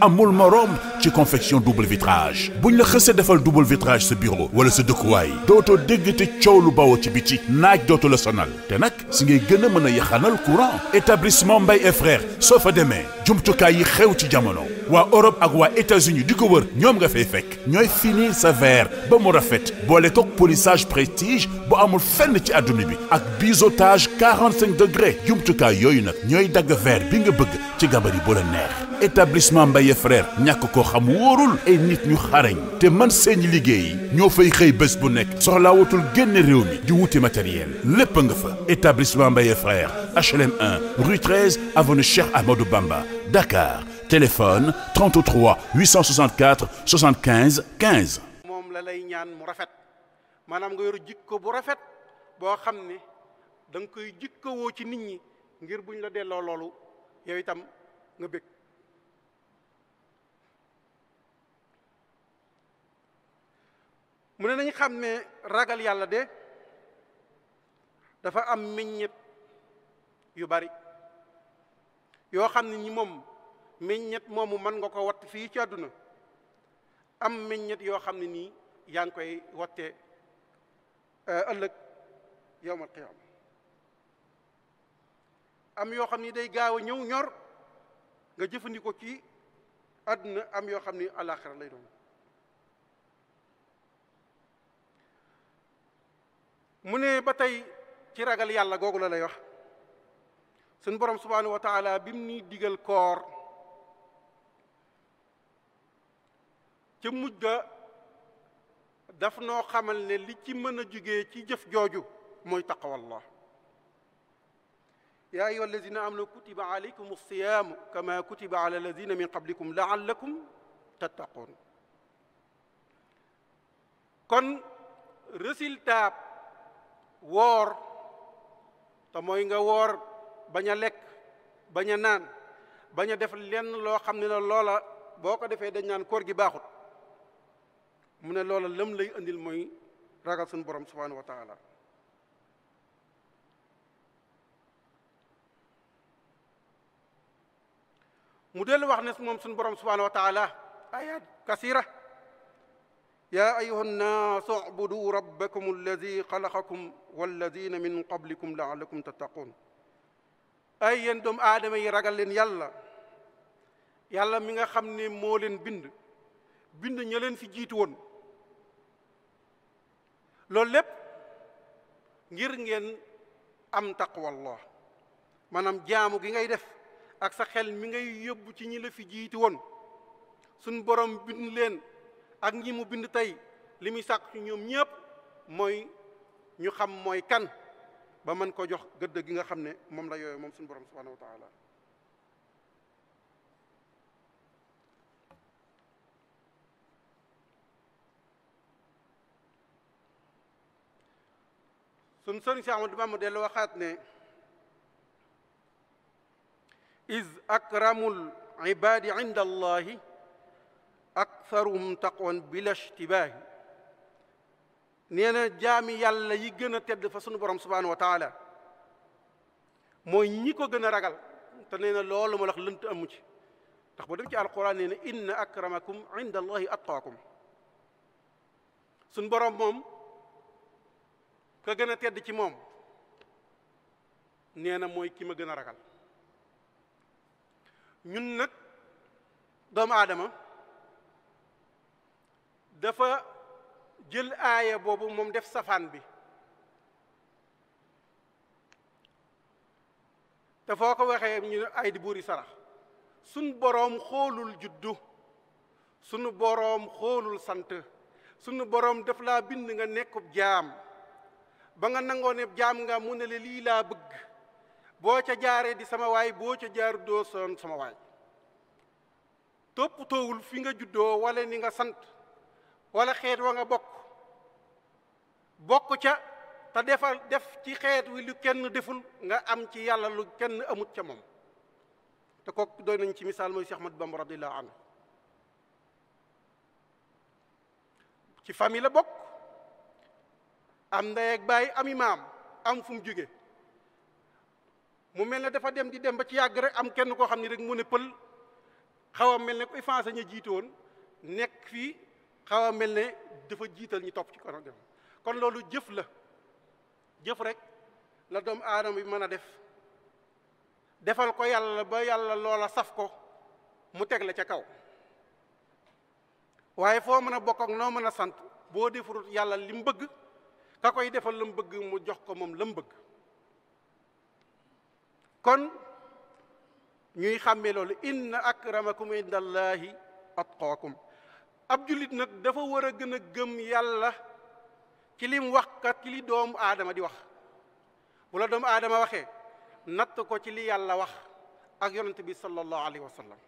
amul morom ci confection double vitrage buñ la xësee defal double vitrage sa bureau wala sa dëkkuwaay dootoo dégg te coow lu bawoo ci ci naaj dootu la sonal te nag si ngay gën a mën a yaxanal courant établissement Mbaye et frères soo fa demee jumtukaay yi xew ci jamono waa Europe ak waa États-Unis di ko wër ñoom nga fay fekk ñooy finir sa verre ba mu rafet boole kook polissage prestige bu amul fenn ci àdduna bi ak biseautage 45 degrés jumtukaay yooyu nag ñooy dagg verre bi nga bëgg ci gabari bu la neex établissement Mbaye frère ñàkk ko xam wóorul ay nit ñu xarañ te man seeni liggéey ñoo fay xëy bés bu nekk soxlaa wutul génne réew mi di wuti matériel lépp nga fa établissement Mbaye frère HLM 1 rue 13 avenue Cheikh Amadou Bamba Dakar téléphone 33 864 75 15. moom la ñaan mu rafet maanaam nga yor ko bu rafet boo xam ne da nga koy jikkowoo ci nit ñi ngir buñ la delloo loolu. yow itam nga bég mu ne nañ xam ne ragal yàlla de dafa am meññet yu bari yoo xam ne ñi moom meññet moomu mën nga ko watt fii ci àdduna am meññet yoo xam ne nii yaa ngi koy watte euh, ëllëg yawmal qiyaama am yoo xam ni day gaaw a ñëw ñor nga jëfandikoo ci àdduna am yoo xam ni àllaaxira lay doon mu ne ba tey ci ragal yàlla googu la lay wax suñ borom subhanahu wa bi mu ni digal koor ca mujj ga daf noo xamal ne li ci mën a jóge ci jëf jooju mooy taqwallah yaa ayyuha alladina amanu kutiba alaykum alsiyaamu kama kutiba ala alladina min qablikum laallakum tattaqoon kon résultat woor te mooy nga woor bañ lekk bañ a naan bañ a def lenn loo xam ne la loola boo ko defee dañ naan koor gi baaxut mu ne loola lam lay andil mooy ragal suñu borom subhanahu wa taala mu dellu wax ne moom suñu borom subhanahu wa taala ayat kasira ya ayuha nnaas ubudu rabbakum alladi xalaqakum walladina min qablikum laalakum tattaqun ay yéen doomu aadama ragal leen yàlla yàlla mi nga xam ne moo leen bind bind ña leen fi jiitu woon loolu lépp ngir ngeen am taqwallah maanaam jaamu gi ngay def ak sa xel mi ngay yóbbu ci ñi la fi jiiti woon suñ boroom bind leen ak ñi mu bind tey li muy sàkk ci ñoom ñëpp mooy ñu xam mooy kan ba mën koo jox gëdd gi nga xam ne moom la yooyu moom suñu borom subhanahu wa taala suñ sëriñ si Ahmadu Bamba dellu waxaat ne iz akramul ibaadi inda allahi aktharuhum taqwan bila ishtibaahi nee na jaami yàlla yi gën a tedd fa sunu borom subhaanahu wa taala mooy ñi ko gën a ragal te nee na loolu ma lax lënt amu ci ndax ba dem ci alquran nee na inna akramakum inda allahi atqaakum sunu borom moom ka gën a tedd ci moom nee na mooy ki ma gën a ragal ñun nag doomu aadama dafa jël aaya boobu moom def safaan bi te foo ko waxee ñu ay di buuri sarax suñ boroom xoolul juddu sunu boroom xoolul sant sunu boroom daf laa bind nga nekkub jaam ba nga nangoo ne jaam nga mu ne la lii laa bëgg boo ca jaaree di sama waay boo ca jaaru doo soon sama waay toppatoowul fi nga juddoo wala ni nga sant wala xeet wa nga bokk bokk ca te defal def ci xeet wi lu kenn deful nga am ci yàlla kenn amut ca moom te kooku doy nañ ci misaal mooy Cheikh Ahmadou Bamba radiyallahu anhu ci famille la bokk am ndey baay am maam am fu mu jóge mu mel ne dafa dem di dem ba ci yàgg rek am kenn koo xam ni rek mu ne pël xaw a mel ne koy fancé ña jiite woon nekk fii xaw a mel ne dafa jiital ñu topp ci kon kon loolu jëf la jëf rek la doomu aadama bi mën a def defal ko yàlla ba yàlla loola saf ko mu teg la ca kaw waaye foo mën a bokk ak noo mën a sant boo defurut yàlla li mu bëgg ka koy defal la mu bëgg mu jox ko moom la mu bëgg kon ñuy xàmmee loolu inna akramakum inda allahi atqaakum ab jullit nag dafa war a gën a gëm yàlla ci lim waxkat ci li doomu aadama di wax bu doom doomu aadama waxee natt ko ci li yàlla wax ak yonent bi sallallahu alayhi wa sallam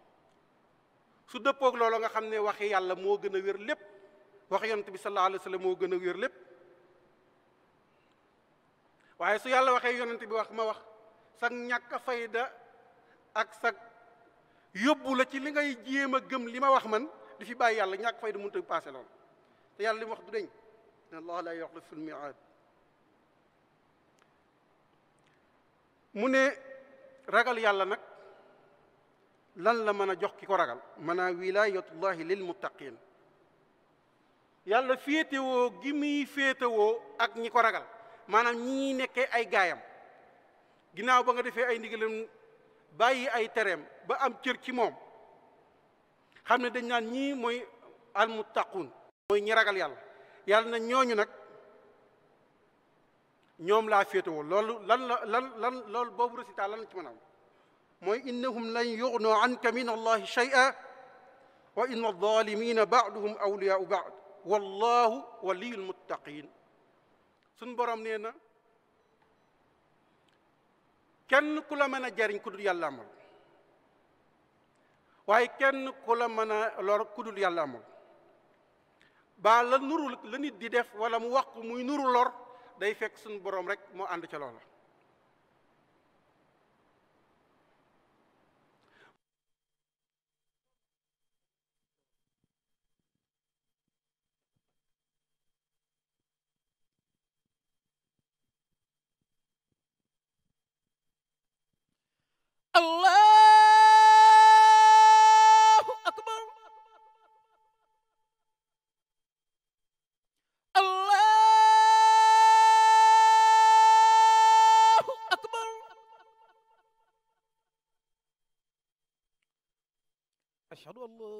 su dëppoog loolu nga xam ne waxi yàlla moo gën a wér lépp wax yonent bi sallallahu alayhi wa moo gën a wér lépp waaye su yàlla waxee yonent bi wax ma wax sag ñàkka fayda ak sag yóbbu la ci li ngay jéem a gëm li ma wax man di fi bàyyi yàlla ñàkk fayda mënut a passé lool te yàlla li mu wax du deñ ne allah la yuxlifu l miaad mu ne ragal yàlla nag lan la mën a jox ki ko ragal maanaam wilayatullahi lil muttaqin yàlla féetewoo gi muy féetewoo ak ñi ko ragal maanaam ñi nekkee ay gaayam ginnaaw ba nga defee ay ndigalam bàyyi ay tereem ba am cër ci moom xam ne dañ naan ñii mooy almuttaqun mooy ñi ragal yàlla yàlla na ñooñu nag ñoom laa féetewoo loolu lan la lan lan loolu boobu résultat lan la ci mën a am mooy innahum lan yugnoo anka min allahi shay'a wa inna adh-dhalimina ba'duhum awliya'u ba'd wallahu waliyul muttaqin suñ borom nee na kenn ku la mën a jariñ ku dul yàlla amul waaye kenn ku la mën a lor ku dul yàlla amul ba la nuru la nit di def wala mu wax muy nuru lor day fekk suñu borom rek moo ànd ca loola allahu akbar allahu akbar ashhadu an la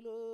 ilaha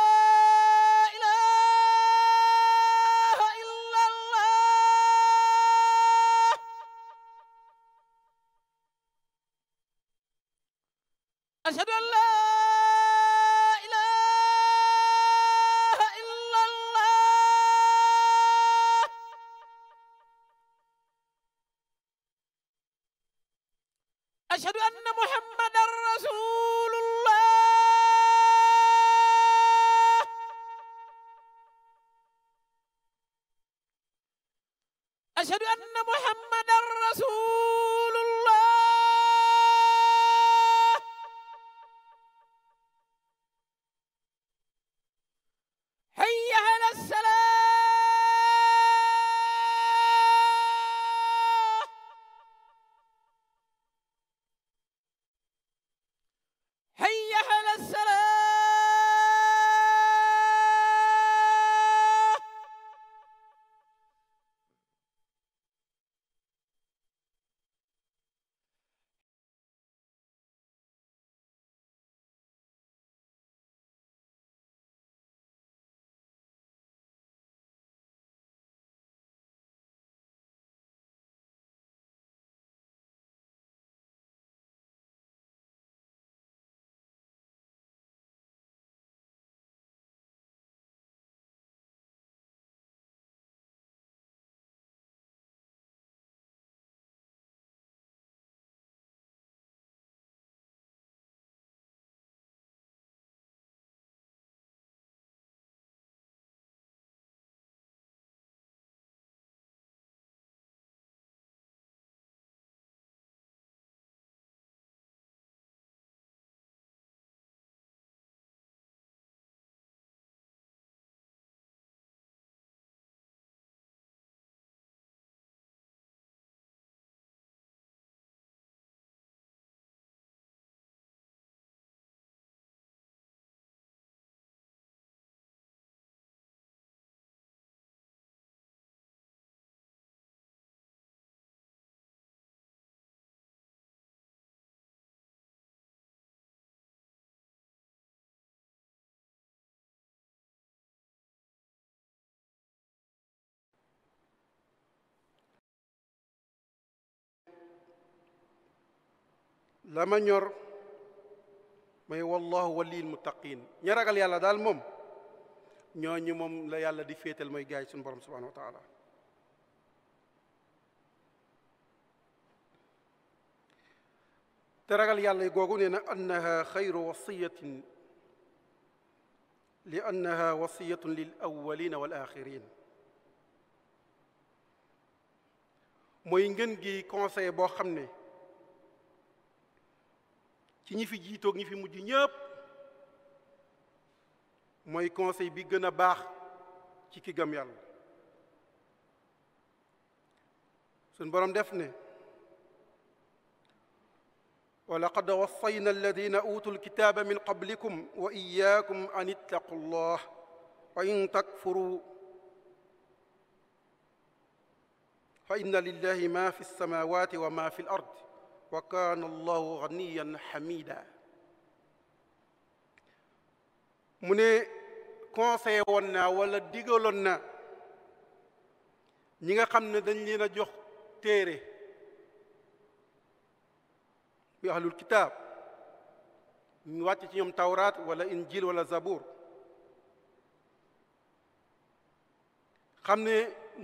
أشهد أن لا la ma ñor mooy wallahu waliyul muttaqin ña ragal yàlla daal moom ñoo ñooñu moom la yàlla di féetal mooy gaay suñu borom subhanahu wa taala te ragal yàlla googu nee na annaha xayru wasiyatin li annaha wasiyatun lil awalina wal axirin mooy ngën gi conseil boo xam ne ci ñi fi jiitoog ñi fi mujj ñëpp mooy conseil bi gën a baax ci ki gëm yàlla suñ boroom def ne wa laqad wassayna alladina utu lkitaba min qablikum wa iyakum an ittaqu llah wa in takfuru fa inna lillahi ma fi lsamawati wa ma fi l ard wa kaana allahu ganiyan xamida mu ne conseillé woon wala digaloon na ñi nga xam ne dañ leen a jox téere muy ahlul kitaab ñu wàcc ci ñoom tawraat wala injil wala zabur xam ne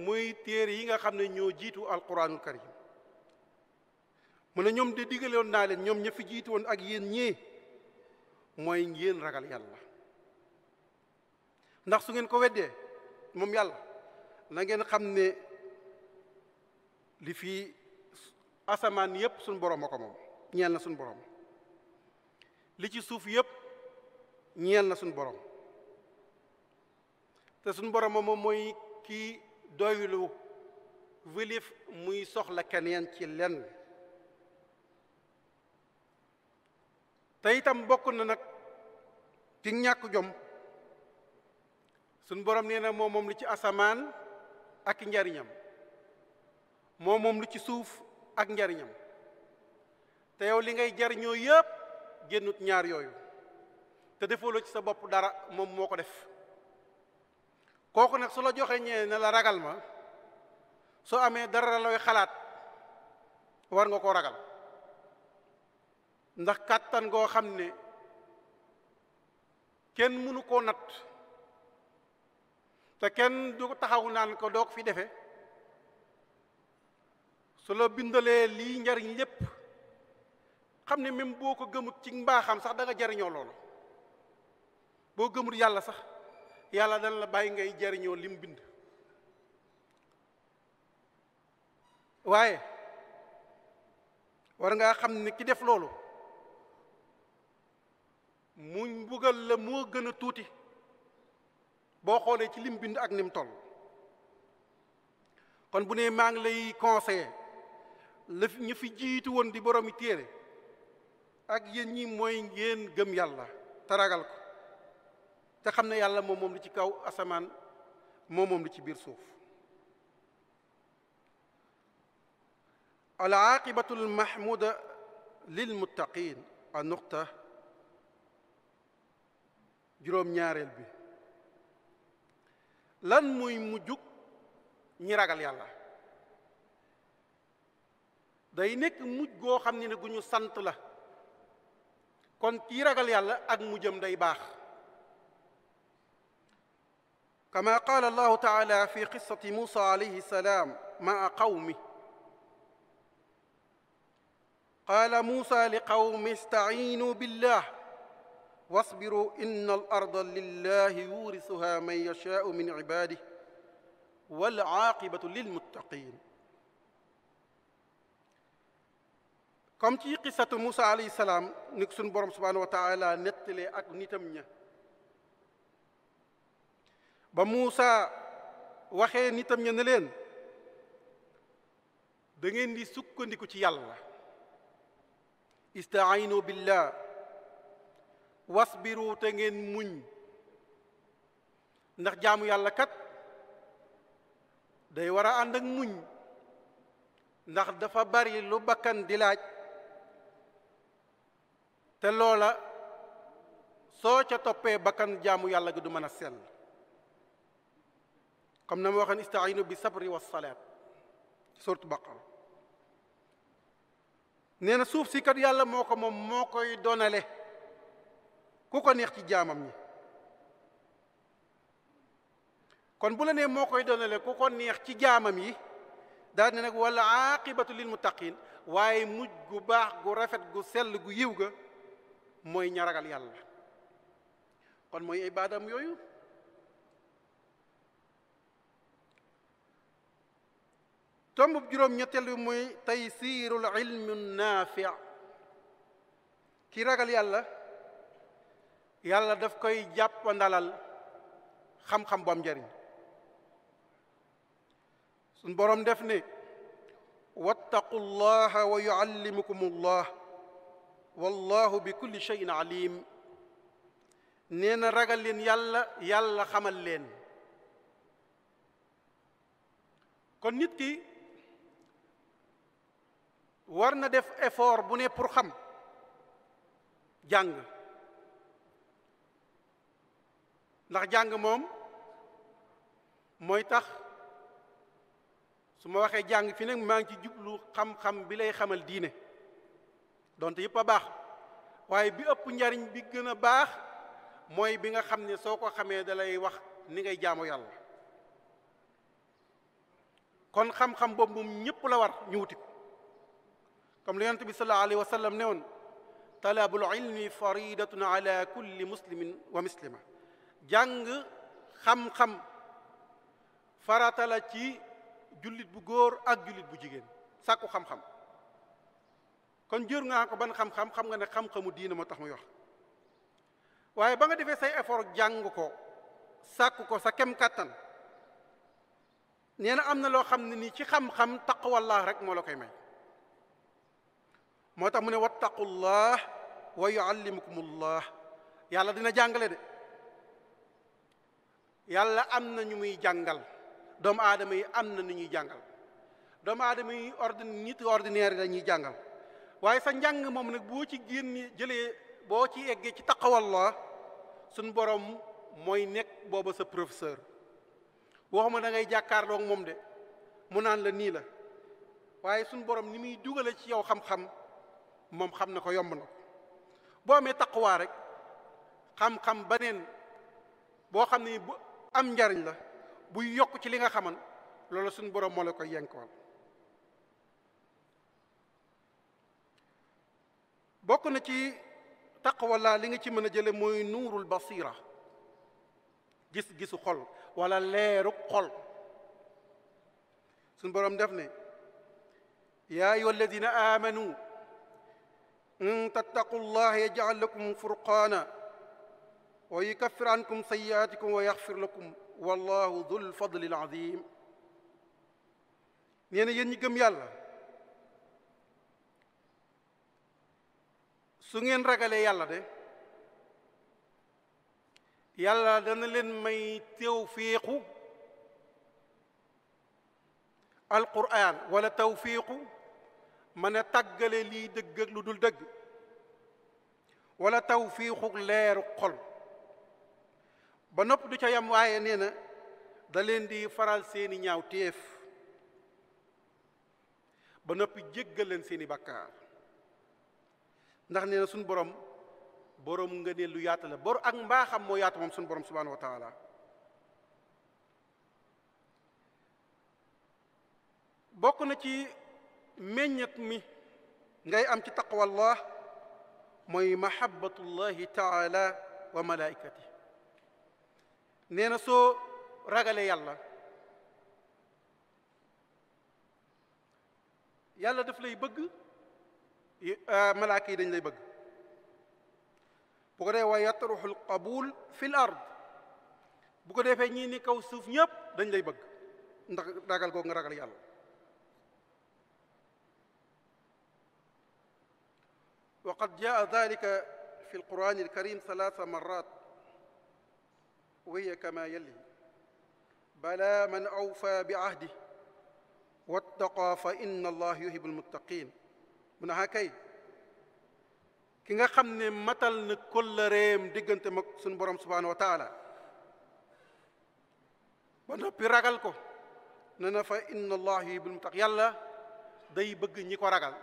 muy téere yi nga xam ne ñoo jiitu alquranul karim mu ne ñoom de digaloon naa leen ñoom ña fi jiitu woon ak yéen ñii mooy ngeen ragal yàlla ndax su ngeen ko weddee moom yàlla na ngeen xam ne li fi asamaan yépp suñ borom a ko moom ñeel na suñu borom li ci suuf yépp ñeel na suñu borom te suñu borom moom mooy kii doylu wëlif muy soxla keneen ci lenn te itam bokk na nag ci ñàkk jom suñ borom nee na moo moom lu ci asamaan ak njariñam moo moom lu ci suuf ak njariñam te yow li ngay jariñoo yëpp génnut ñaar yooyu te defaloo ci sa bopp dara moom moo ko def kooku nag su la joxee ñee ne la ragal ma soo amee dara looy xalaat war nga koo ragal ndax kàttan goo xam ne kenn mënu koo nat te kenn du taxaw naan ko doog fi defe su la bindalee lii njariñ lépp xam ne même boo ko gëmut ci mbaaxam sax da nga jariñoo loolu boo gëmut yàlla sax yàlla dana la bàyyi ngay jariñoo li bind waaye war ngaa xam ne ki def loolu mu mbugal la moo gën a tuuti boo xoolee ci lim bind ak nim toll kon bu ne maa ngi lay conseillé la ñu fi jiitu woon di boromi téere ak yéen ñi mooy ngeen gëm yàlla te ragal ko te xam na yàlla moom moom li ci kaw asamaan moo moom li ci biir suuf al aqibatu al mahmuda lil muttaqin an nuqta juróom-ñaareel bi lan muy mujjug ñi ragal yàlla day nekk mujj goo xam ni ne gu sant la kon kii ragal yàlla ak mujjam day baax kama qaala allahu taala fi qissati muusa alayhi salaam maa qawmi qaala muusa li qawmi istaciinu billah wasbiru inna al arda lillahi yurisuha man yashaau min ibadihi wal aaqibatu lilmuttaqin comme ci qisatu Moussa alayhi salaam ni ko suñu borom subhanahu wa taala nettalee ak nitam ña ba Moussa waxee nitam ña ne leen da ngeen di sukkandiku ci yàlla istaayinu billah was wasbiru te ngeen muñ ndax jaamu yàlla kat day war a ànd ak muñ ndax dafa bari lu bakkan di laaj te loola soo ca toppee bakkan jaamu yàlla gi du mën a sell xam na ma waxoon istaayinu bi sabri was salaat surat baqara nee na suuf si kat yàlla moo ko moom moo koy donale ku neex ci jaamam kon bu la nee moo koy donale ku ko neex ci jaamam yi daal ne nag wala aaqibatu lil muttaqin waaye mujj gu baax gu rafet gu sell gu yiw ga mooy ña ragal yàlla kon mooy ibaadam yooyu tomb juróom ñetteel bi mooy taysirul ilmi naafi ki ragal yàlla yàlla def koy jàppandalal xam-xam bu njariñ suñ boroom def ne wattaqu llaha wa yuallimukum allah wallahu bi kulli shay'in alim nee na ragal leen yàlla yàlla xamal leen kon nit ki war na def effort bu ne pour xam jàng ndax jàng moom mooy tax su ma waxee jàng fi nag maa ngi ci jublu xam-xam bi lay xamal diine donte yëpp a baax waaye bi ëpp njariñ bi gën a baax mooy bi nga xam ne soo ko xamee dalay wax ni ngay jaamu yàlla kon xam-xam boobu moom ñëpp la war ñu wuti ko comme li yonent bi sallallahu alayhi wa sallam ne woon talabul ilmi faridatun ala kulli muslimin wa muslima jàng xam-xam farata ci jullit bu góor ak jullit bu jigéen sàkku xam-xam kon jër nga ko ban xam-xam xam nga ne xam-xamu diina moo tax mu wax waaye ba nga defee say effort jàng ko sàkk ko sa kem kàttan nee am na loo xam ne nii ci xam-xam taqwallah rek moo la koy may moo tax mu ne wattaqullah wa yuallimukumullah yàlla dina jàngale de yàlla am na ñu muy jàngal doomu aadama yi am na nu ñuy jàngal doomu aadama yi ordine nit ordinaire yi ñuy jàngal waaye sa njàng moom nag boo ci génn jëlee boo ci eggee ci taqawallah suñ borom mooy nekk booba sa professeur waxuma da ngay jàkkaarloog moom de mu naan la nii la waaye suñ borom ni muy dugale ci yow xam-xam moom xam ne ko yomb na boo amee taqwaa rek xam-xam baneen boo xam ne am njariñ la buy yokk ci li nga xaman loolu suñu borom moo la koy yenkool bokk na ci taqwalaa li nga ci mën a jële mooy nuurul basira gis-gisu xol walla leeru xol suñ borom def ne yaa ayyuha alladina amanu in tattaqu llaha lakum furqaana wa yukaffir ankum sayyi'aatikum wa yaxfir lakum wallahu dul fadlil azim nee na yéen ñi gëm yàlla su ngeen ragalee yàlla de yàlla dana leen may tawfiiqu alquran wala tawfiiqu mën a tàggale lii dëgg ak lu dul dëgg wala tawfiiqu leeru xol ba nopp du ca yam waaye nee na da leen di faral seeni ñaaw téef ba noppi jéggal leen seeni bàkkaar ndax nee na suñu borom borom nga ne lu yaata la bor ak mbaaxam moo yaata moom suñu borom subhanahu wa taala bokk na ci meññet mi ngay am ci taqwallah mooy mahabbatullahi taala wa malaikati nee na soo ragalee yàlla yàlla daf lay bëgg euh, malaaka yi dañ lay bëgg bu ko defee wa yatruxul qabul fil ard bu ko defee ñii ni kaw suuf ñëpp dañ lay bëgg ndax ragal googu nga ragal yàlla wa qad jaa dalika fi alquran alkarim salaasa marat وهي كما يلي بلى من أوفى بعهده wattaqa fa inna allah yuhibu almuttaqin mu ne xa ah, kay ki nga xam ne matal na kóllëreem diggante mag suñu borom subhanahu wa taala ba noppi ragal ko ne na fa inna allah yuhibu almuttaq yàlla day bëgg ñi ko ragal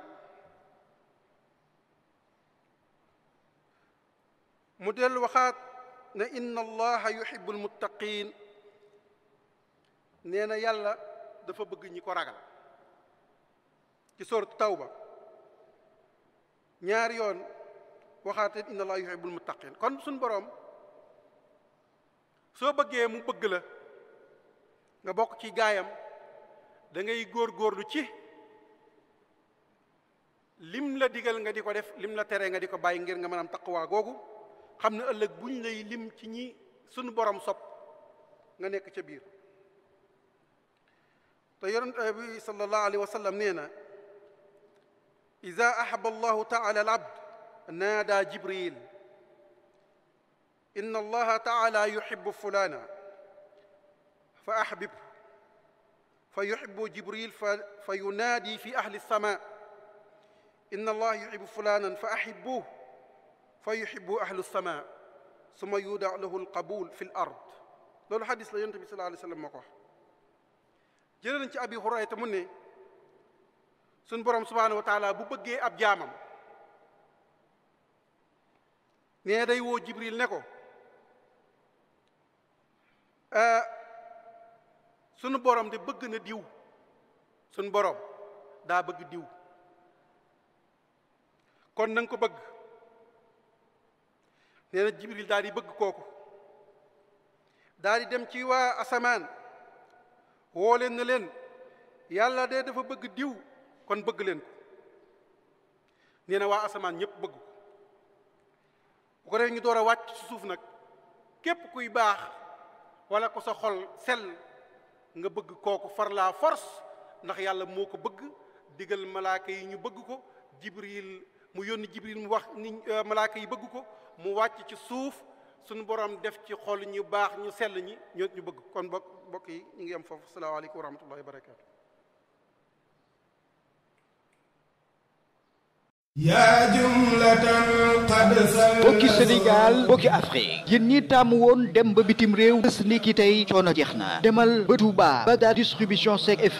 mu dellu waxaat ne inna allaha yuhibbul muttaqin nee na yàlla dafa bëgg ñi ko ragal ci taw ba ñaari yoon waxaate inna allaha yuhibbul muttaqin kon suñu boroom soo bëggee mu bëgg la nga bokk ci gaayam dangay góor-góorlu ci lim la digal nga di ko def lim la tere nga di ko bàyyi ngir nga mën am taqwa googu xam ne ëllëg buñ lay lim ci ñi sunu borom sopp nga nekk ca biir te yonent bi sallallahu alayhi wa sallam nee na ida ahaba allahu taala al abd naada jibril inna allaha taala yuhibbu fulana fa ahbib fa yuhibbu jibril fa yunaadi fi ahli sama inna allaha yuhibbu fulanan fa ahibbuhu fa yuhibbu ahlu sama suma yuda lahu alqabul fi l ard loolu xadis la yonent bi sallallahu alayhi wa sallam moo ko wax jëlee nañ ci abi hurayra te mu ne suñ borom subhanahu wa taala bu bëggee ab jaamam nee day woo jibril ne ko euh, sunu borom de bëgg na diw sunu borom daa bëgg diw kon na nga ko bëgg nee na jibril daal di bëgg kooku daal di dem ci waa asamaan woo leen na leen yàlla de dafa bëgg diw kon bëgg leen ko nee waa asamaan ñëpp bëgg ko bu ko defee ñu door a wàcc ci suuf nag képp kuy baax wala ko sa xol sel nga bëgg kooku far la force ndax yàlla moo ko bëgg digal malaaka yi ñu bëgg ko jibril mu yónni jibril mu wax ni euh, malaaka yi bëgg ko mu wàcc ci suuf suñu borom def ci xol ñu baax ñu sell ñu ñoo ñu bëgg kon bokk mbokk yi ñu ngi yem foofu salaamaaleykum wa rahmatullahi wa barakatu yaa jumlatan qad sal mbokki Sénégal mbokki Afrique yéen ñi tàmm woon dem ba bitim réew bés ni ki tey coono jeex na demal ba Touba Bagdad distribution Seck et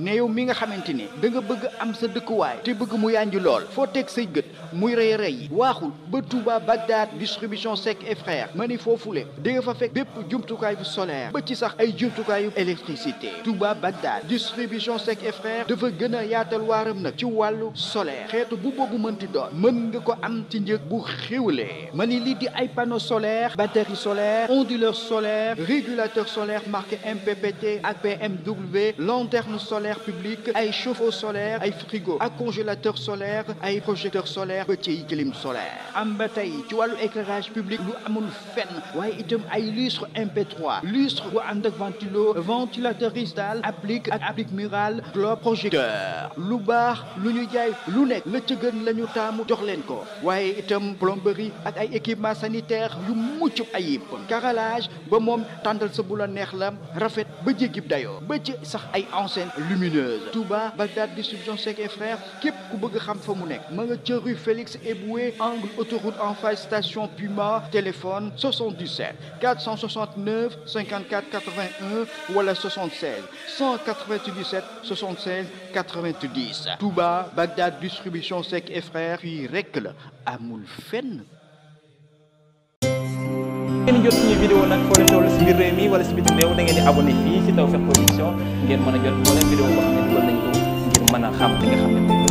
ne yow mi nga xamante ni da bëgg am sa dëkkuwaay te bëgg mu yànji lool foo teg say gët muy rey rey yi waaxul ba Touba Bagdad distribution Seck et frère ma ni foofu di nga fa fekk bépp jumtukaay bu solaire ba ci sax ay jumtukaayu électricité Touba Bagdad distribution Seck et frère dafa gën a yaatal waaram nag ci wàllu solaire xeetu boo bu mën nga ko am ci njëg bu xiwlee ma ni lii di ay panneau solaire batterie solaire onduleur solaire régulateur solaire marqué MPPT ak PMW lanterne solaire publique ay chauffe-eau solaire ay frigo ak congélateur solaire ay projecteur solaire petit clim solaire am ba tey ci wàllu éclairage public lu amul fenn waaye itam ay lustre MP3 lustre bu ànd ak ventilo ventilateur cristal applique ak applique murale globe projecteur lu baax lu ñu jaay lu gën la taamu jox leen ko waaye itam plomberie ak ay équipement sanitaire yu mucc ayib carrelage ba moom tàndal sa bu la neex la rafet ba jéggib dayoo ba ci sax ay enseignes lumineuses Touba Bagdad distribution Seck et frères képp ku bëgg xam fa mu nekk ma nga ca rue Félix Éboué angle autoroute en face station Puma téléphone 77 469 54 81 wala 76 197 76 90 Touba Bagdad distribution Seck avec Efraer fii rekk la amul fenn. ngeen jot ñu vidéo nag foo leen si biir réew mi wala si biti réew da ngeen di abonné fii si Tawfekh ngeen mën a jot moo leen vidéo boo xam ne mën a xam li xam ne